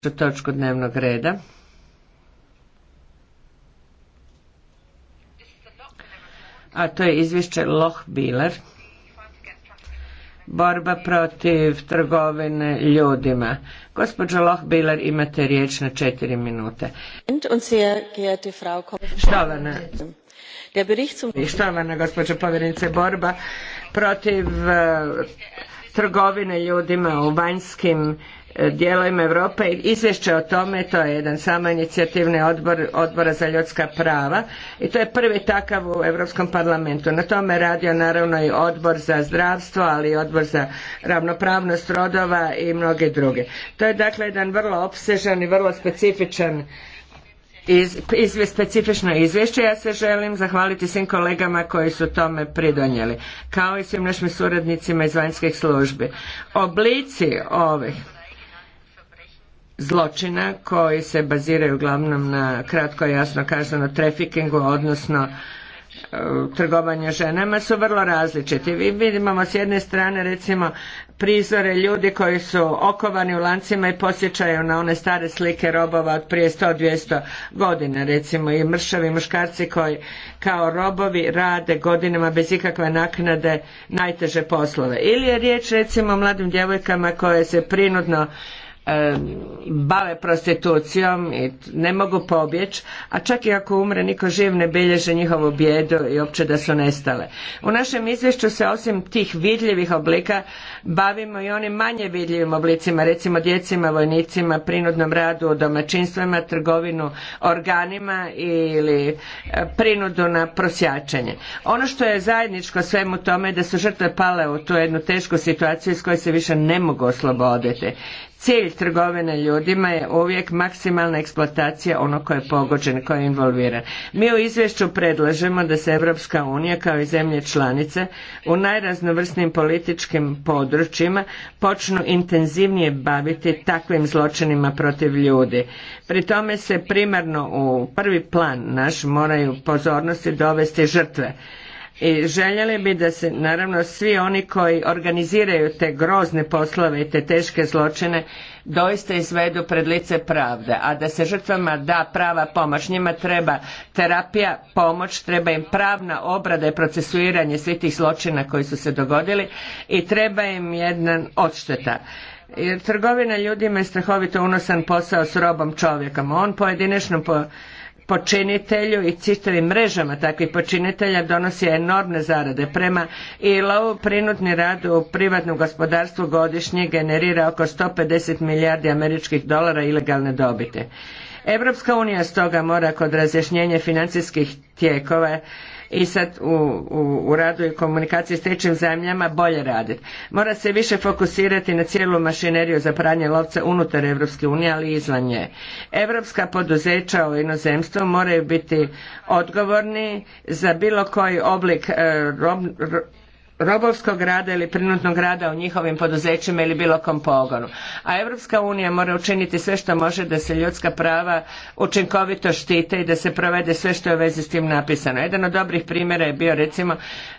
točku dnevnog reda. A to je izvješće Loh Biler. Borba protiv trgovine ljudima. Gospođo Loh Biler, imate riječ na četiri minute. Štovana, štovana gospođo povjerenice, borba protiv eh, trgovine ljudima u vanjskim e, dijelovima Europe. Izvješće o tome, to je jedan samo inicijativni odbor Odbora za ljudska prava i to je prvi takav u Europskom parlamentu. Na tome je radio naravno i Odbor za zdravstvo, ali i Odbor za ravnopravnost rodova i mnoge druge. To je dakle jedan vrlo opsežan i vrlo specifičan iz, specifično izvješće. Ja se želim zahvaliti svim kolegama koji su tome pridonijeli, kao i svim našim suradnicima iz vanjskih službi. Oblici ovih zločina koji se baziraju uglavnom na kratko jasno kazano trafikingu, odnosno trgovanja ženama su vrlo različiti. Vi vidimo s jedne strane recimo prizore ljudi koji su okovani u lancima i posjećaju na one stare slike robova od prije 100-200 godina recimo i mršavi muškarci koji kao robovi rade godinama bez ikakve naknade najteže poslove. Ili je riječ recimo o mladim djevojkama koje se prinudno bave prostitucijom i ne mogu pobjeć a čak i ako umre niko živ ne bilježi njihovu bijedu i opće da su nestale. U našem izvješću se osim tih vidljivih oblika bavimo i onim manje vidljivim oblicima, recimo djecima, vojnicima, prinudnom radu u domaćinstvima, trgovinu organima ili e, prinudu na prosjačenje. Ono što je zajedničko svemu tome je da su žrtve pale u tu jednu tešku situaciju iz koje se više ne mogu osloboditi. Cilj trgovine ljudima je uvijek maksimalna eksploatacija ono koje je pogođen, tko je involviran. Mi u izvješću predlažemo da se Europska unija kao i zemlje članice u najraznovrsnim političkim područjima počnu intenzivnije baviti takvim zločinima protiv ljudi. Pri tome se primarno u prvi plan naš moraju pozornosti dovesti žrtve i željeli bi da se naravno svi oni koji organiziraju te grozne poslove i te teške zločine doista izvedu pred lice pravde, a da se žrtvama da prava pomoć. Njima treba terapija, pomoć, treba im pravna obrada i procesuiranje svih tih zločina koji su se dogodili i treba im jedna odšteta. Jer trgovina ljudima je strahovito unosan posao s robom čovjekom. On pojedinačno po počinitelju i citavim mrežama takvih počinitelja donosi enormne zarade. Prema ILO-u prinutni rad u privatnom gospodarstvu godišnje generira oko 150 milijardi američkih dolara ilegalne dobite. Europska unija stoga mora kod razjašnjenja financijskih tijekova i sad u, u, u radu i komunikaciji s trećim zemljama bolje raditi. Mora se više fokusirati na cijelu mašineriju za pranje lovca unutar Europske unije, ali i izvan nje. Europska poduzeća u inozemstvu moraju biti odgovorni za bilo koji oblik e, rob, robovskog rada ili prinutnog rada u njihovim poduzećima ili bilo kom pogonu. A Europska unija mora učiniti sve što može da se ljudska prava učinkovito štite i da se provede sve što je u vezi s tim napisano. Jedan od dobrih primjera je bio recimo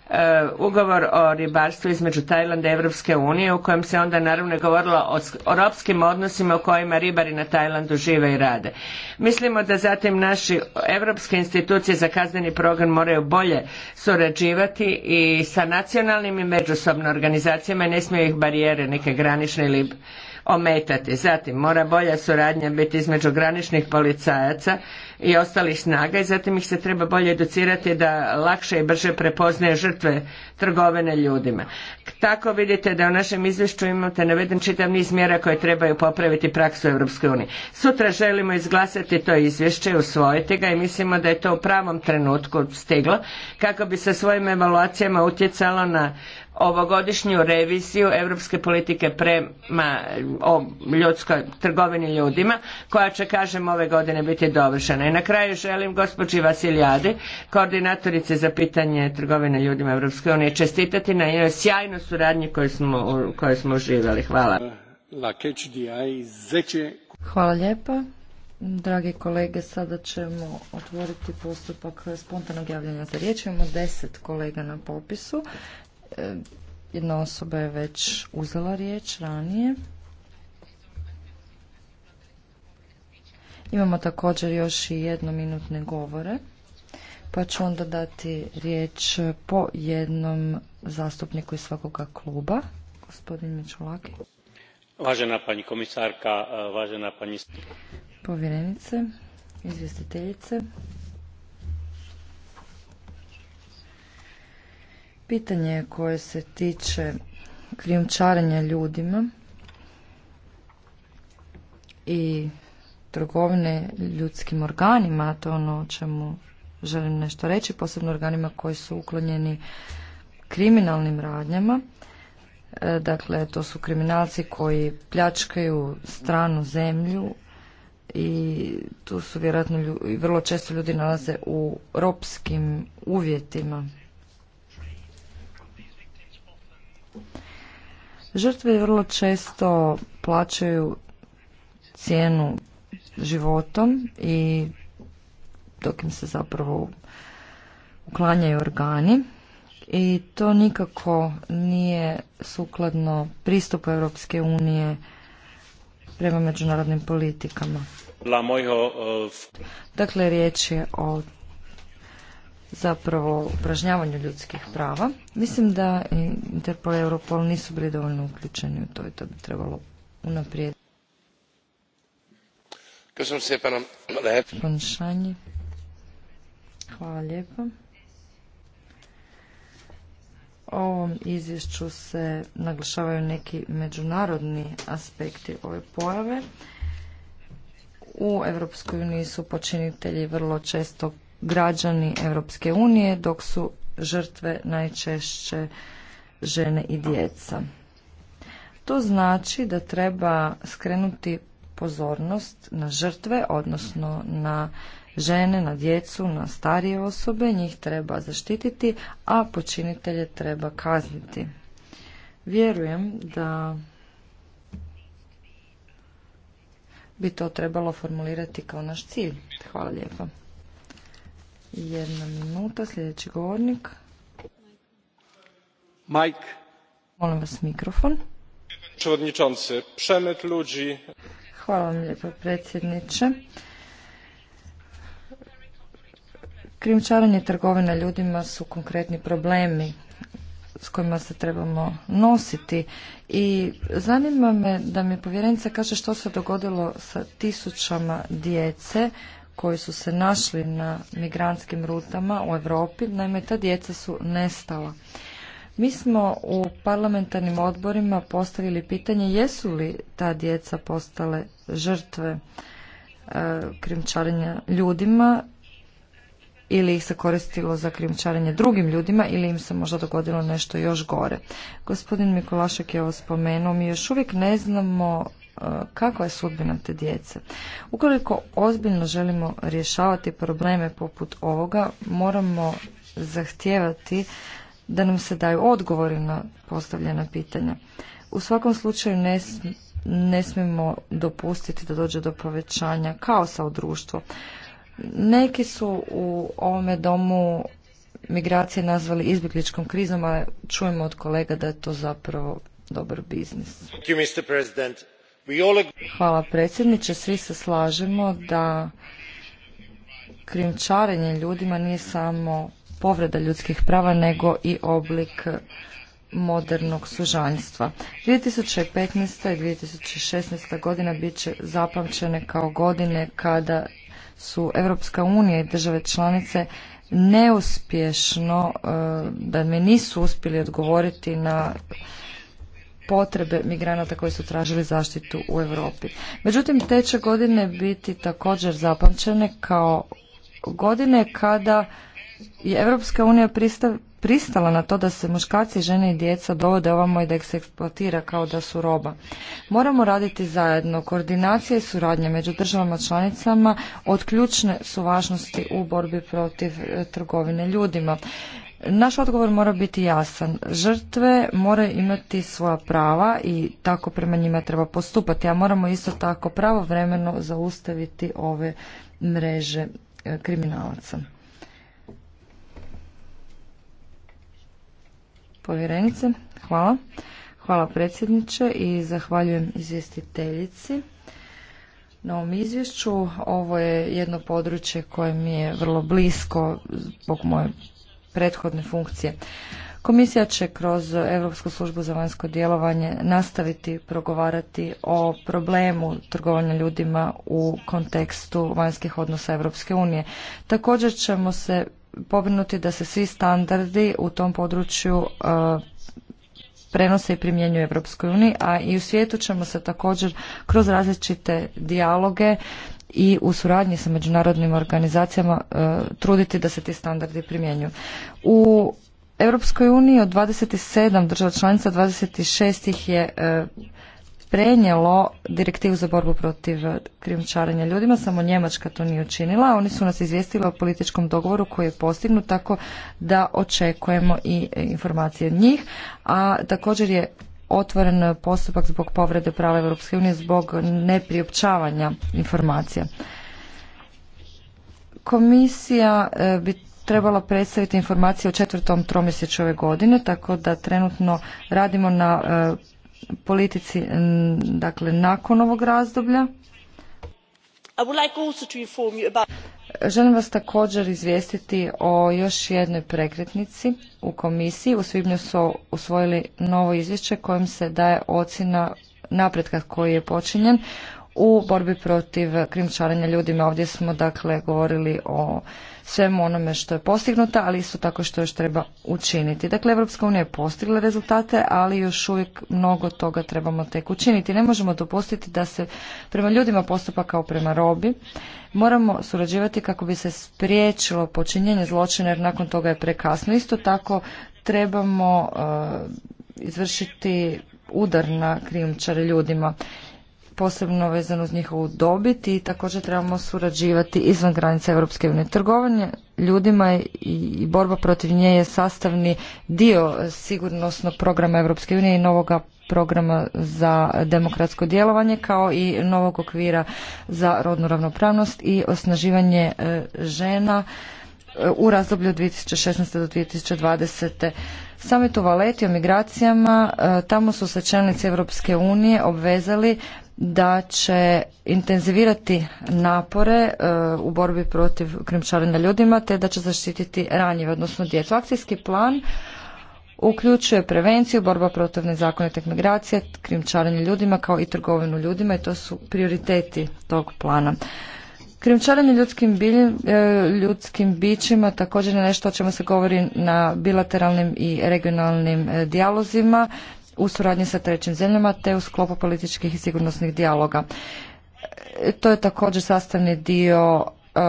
e, ugovor o ribarstvu između Tajlanda i Europske unije u kojem se onda naravno govorilo o, ropskim odnosima u kojima ribari na Tajlandu žive i rade. Mislimo da zatim naši europske institucije za kazneni program moraju bolje surađivati i sa nacionalnim nacionalnim i međusobno organizacijama i ne smiju ih barijere neke granične ili ometati. Zatim mora bolja suradnja biti između graničnih policajaca i ostalih snaga i zatim ih se treba bolje educirati da lakše i brže prepoznaje žrtve trgovine ljudima. Tako vidite da u našem izvješću imate naveden čitav niz mjera koje trebaju popraviti praksu EU. Sutra želimo izglasati to izvješće, usvojiti ga i mislimo da je to u pravom trenutku stiglo kako bi se svojim evaluacijama utjecalo na ovogodišnju reviziju europske politike prema o ljudskoj trgovini ljudima koja će kažem ove godine biti dovršena. I na kraju želim gospođi Vasiljadi, koordinatorice za pitanje trgovine ljudima Europske unije, čestitati na njoj sjajnoj suradnji koju smo, smo uživali. Hvala. Hvala lijepa. Dragi kolege, sada ćemo otvoriti postupak spontanog javljanja za riječ. Imamo deset kolega na popisu. E, jedna osoba je već uzela riječ ranije. Imamo također još i jednominutne govore, pa ću onda dati riječ po jednom zastupniku iz svakoga kluba. Gospodin Mičulaki. Važena pani komisarka, važena pani... Povjerenice, izvjestiteljice, Pitanje koje se tiče krijumčarenja ljudima i trgovine ljudskim organima, to je ono o čemu želim nešto reći, posebno organima koji su uklonjeni kriminalnim radnjama. E, dakle, to su kriminalci koji pljačkaju stranu zemlju i tu su vjerojatno i vrlo često ljudi nalaze u ropskim uvjetima Žrtve vrlo često plaćaju cijenu životom i dok im se zapravo uklanjaju organi i to nikako nije sukladno pristupu Europske unije prema međunarodnim politikama. Eh, dakle, riječ je o zapravo upražnjavanju ljudskih prava. Mislim da Interpol i Europol nisu bili dovoljno uključeni u to i to bi trebalo unaprijediti. Hvala lijepo. O ovom izvješću se naglašavaju neki međunarodni aspekti ove pojave. U Europskoj uniji su počinitelji vrlo često građani Europske unije, dok su žrtve najčešće žene i djeca. To znači da treba skrenuti pozornost na žrtve, odnosno na žene, na djecu, na starije osobe, njih treba zaštititi, a počinitelje treba kazniti. Vjerujem da bi to trebalo formulirati kao naš cilj. Hvala lijepa. Jedna minuta, sljedeći govornik. Mike. Molim vas mikrofon. Przewodniczący, przemyt ludzi. Hvala vam lijepo predsjedniče. Krimčaranje trgovina ljudima su konkretni problemi s kojima se trebamo nositi. I zanima me da mi povjerenica kaže što se dogodilo sa tisućama djece koji su se našli na migrantskim rutama u Europi, naime ta djeca su nestala. Mi smo u parlamentarnim odborima postavili pitanje jesu li ta djeca postale žrtve e, krimčarenja ljudima ili ih se koristilo za krimčarenje drugim ljudima ili im se možda dogodilo nešto još gore. Gospodin Mikulašek je ovo spomenuo, mi još uvijek ne znamo kakva je sudbina te djece. Ukoliko ozbiljno želimo rješavati probleme poput ovoga, moramo zahtijevati da nam se daju odgovori na postavljena pitanja. U svakom slučaju ne, ne smijemo dopustiti da dođe do povećanja kaosa u društvu. Neki su u ovome domu migracije nazvali izbjegličkom krizom, a čujemo od kolega da je to zapravo dobar biznis. Hvala predsjedniče. Svi se slažemo da krimčarenje ljudima nije samo povreda ljudskih prava nego i oblik modernog sužanjstva. 2015. i 2016. godina bit će zapamćene kao godine kada su Europska unija i države članice neuspješno, e, da mi nisu uspjeli odgovoriti na potrebe migranata koji su tražili zaštitu u Europi. Međutim, te će godine biti također zapamćene kao godine kada je Europska unija pristala na to da se muškarci, žene i djeca dovode ovamo i da ih se eksploatira kao da su roba. Moramo raditi zajedno. Koordinacija i suradnja među državama članicama od ključne su važnosti u borbi protiv e, trgovine ljudima. Naš odgovor mora biti jasan. Žrtve moraju imati svoja prava i tako prema njima treba postupati, a moramo isto tako pravovremeno zaustaviti ove mreže e, kriminalaca. Povjerenice, hvala. Hvala predsjedniče i zahvaljujem izvjestiteljici na ovom izvješću. Ovo je jedno područje koje mi je vrlo blisko zbog moje prethodne funkcije. Komisija će kroz Europsku službu za vanjsko djelovanje nastaviti progovarati o problemu trgovanja ljudima u kontekstu vanjskih odnosa Europske unije. Također ćemo se pobrinuti da se svi standardi u tom području e, prenose i primjenjuju Europskoj uniji, a i u svijetu ćemo se također kroz različite dijaloge i u suradnji sa međunarodnim organizacijama e, truditi da se ti standardi primjenjuju. U Europskoj uniji od 27 država članica 26 ih je e, prenijelo direktivu za borbu protiv krijumčarenja ljudima, samo Njemačka to nije učinila. Oni su nas izvijestili o političkom dogovoru koji je postignut, tako da očekujemo i e, informacije od njih. A također je otvoren postupak zbog povrede prava Europske unije zbog nepriopćavanja informacija. Komisija e, bi trebala predstaviti informacije o četvrtom tromjesečju ove godine, tako da trenutno radimo na e, politici dakle nakon ovog razdoblja. Želim vas također izvijestiti o još jednoj prekretnici u komisiji. U svibnju su usvojili novo izvješće kojim se daje ocjena napretka koji je počinjen u borbi protiv krimčarenja ljudima. Ovdje smo dakle govorili o svemu onome što je postignuta, ali isto tako što još treba učiniti. Dakle, Evropska unija je postigla rezultate, ali još uvijek mnogo toga trebamo tek učiniti. Ne možemo dopustiti da se prema ljudima postupa kao prema robi. Moramo surađivati kako bi se spriječilo počinjenje zločina, jer nakon toga je prekasno. Isto tako trebamo e, izvršiti udar na krijumčare ljudima posebno vezano uz njihovu dobit i također trebamo surađivati izvan granica Europske unije. Trgovanje ljudima i borba protiv nje je sastavni dio sigurnosnog programa Europske unije i novoga programa za demokratsko djelovanje kao i novog okvira za rodnu ravnopravnost i osnaživanje e, žena e, u razdoblju od 2016. do 2020. Samit u Valeti o migracijama, e, tamo su se čelnici Europske unije obvezali da će intenzivirati napore e, u borbi protiv krimčarenja ljudima te da će zaštititi ranjive, odnosno djecu. Akcijski plan uključuje prevenciju, borba protiv nezakonitih migracija, krimčarenje ljudima kao i trgovinu ljudima i to su prioriteti tog plana. Krimčarenje ljudskim, e, ljudskim bićima također je nešto o čemu se govori na bilateralnim i regionalnim e, dijalozima u suradnji sa trećim zemljama te u sklopu političkih i sigurnosnih dijaloga. E, to je također sastavni dio e,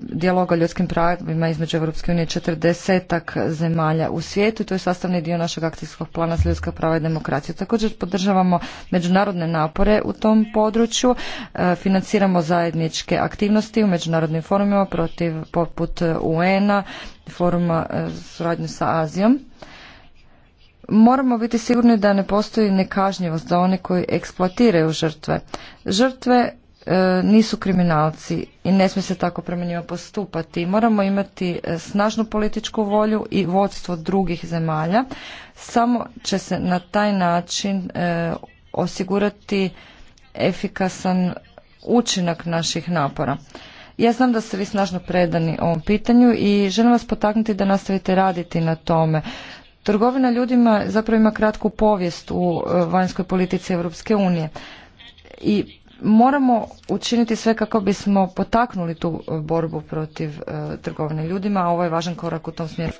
dijaloga o ljudskim pravima između Europske unije četrdesetak zemalja u svijetu i to je sastavni dio našeg akcijskog plana za ljudska prava i demokraciju. Također podržavamo međunarodne napore u tom području, e, financiramo zajedničke aktivnosti u međunarodnim forumima protiv poput UN-a, foruma suradnju sa Azijom. Moramo biti sigurni da ne postoji nekažnjivost za one koji eksploatiraju žrtve. Žrtve e, nisu kriminalci i ne smije se tako prema njima postupati. Moramo imati e, snažnu političku volju i vodstvo drugih zemalja. Samo će se na taj način e, osigurati efikasan učinak naših napora. Ja znam da ste vi snažno predani ovom pitanju i želim vas potaknuti da nastavite raditi na tome. Trgovina ljudima zapravo ima kratku povijest u e, vanjskoj politici Europske unije i moramo učiniti sve kako bismo potaknuli tu e, borbu protiv e, trgovine ljudima, a ovo je važan korak u tom smjeru.